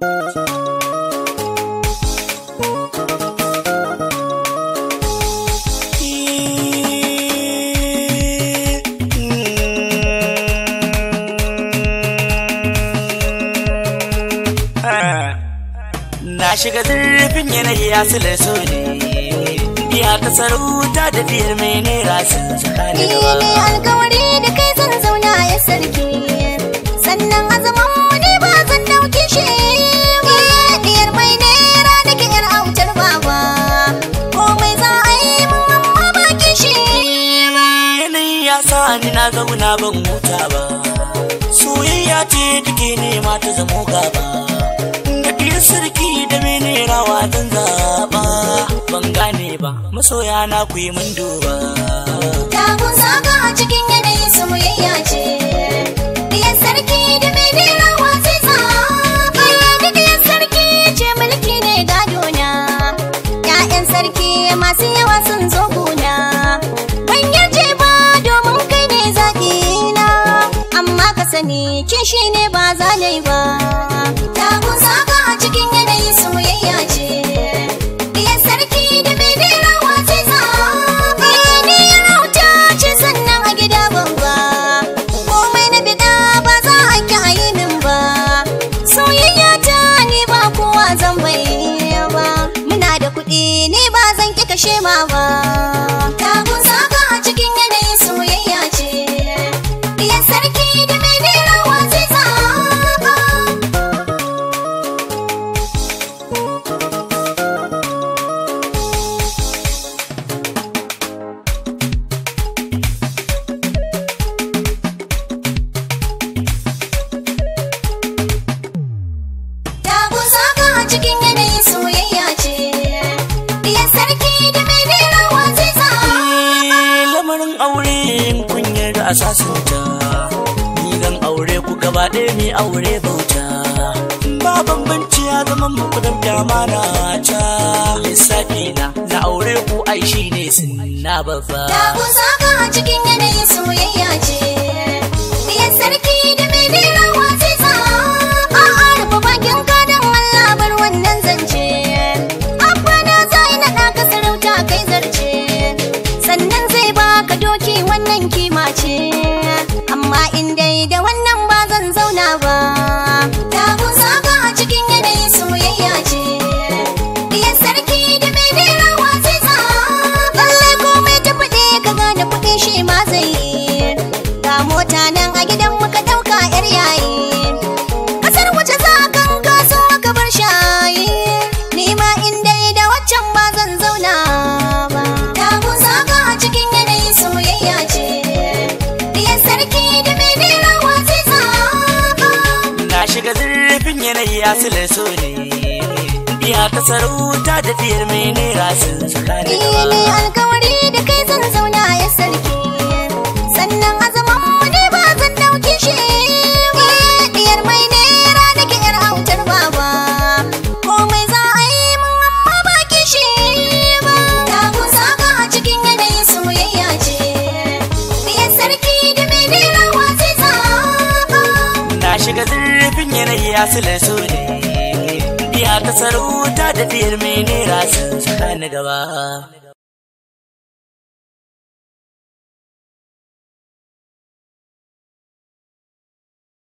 Na shiga zurfin yanayi ya silar so ne Ya ta sarauta da biyar mai naira sun tsakani da ba Alkawari da kai zan zauna ya sarki Sannan azaman na zauna ban mota ba soyayya ce ke nema ta zamo gaba da sarki da mene rawa zan zaɓa ban gane ba masoya na ku yi mun duba damun saka a cikin yanayi soyayya ce fiye sarki da mene rawa zai zaɓa fiye sarki ce mulki ne gadona 'ya'yan sarki masu yawa sun zo sani kin shi ne ba za ne ba ta kun saka a cikin yanayin soyayya ce iya sarki da mai ne rawa ce za iya ne rauta ce sannan a gida ban ba komai na bida ba za a ki a min ba soyayya ta ni ba kowa zan bai ba muna da kuɗi ni ba zan ki kashe ma ba a sasanta ni zan aure ku gaba ɗaya ni aure bauta ba bambanci ya zama muku dan dama ta lissafi na na aure ku ai shi ne na babba da ku saka a cikin yanayin soyayya ce biyan sarki da mai bera wace sa? a'a rufe bakin gadon Allah bar wannan zance abba na zai naɗa ka sarauta kai zarce sannan zai baka doki wannan kima ya sule so ne ya ta sarauta da fiyar mai nera sun zula da gaba ni alkawari da kai zan zauna ya sarki sannan azaman mu ne ba zan dauke shi ba mai nera da ke yar autar baba komai za a yi mun amma ba kishi ba ta ku saka a cikin yanayin soyayya ce diyar sarki da mai nera zai zaba na shiga yanayi ya sule su ne biya ta sarauta da biyar mai nera sun gaba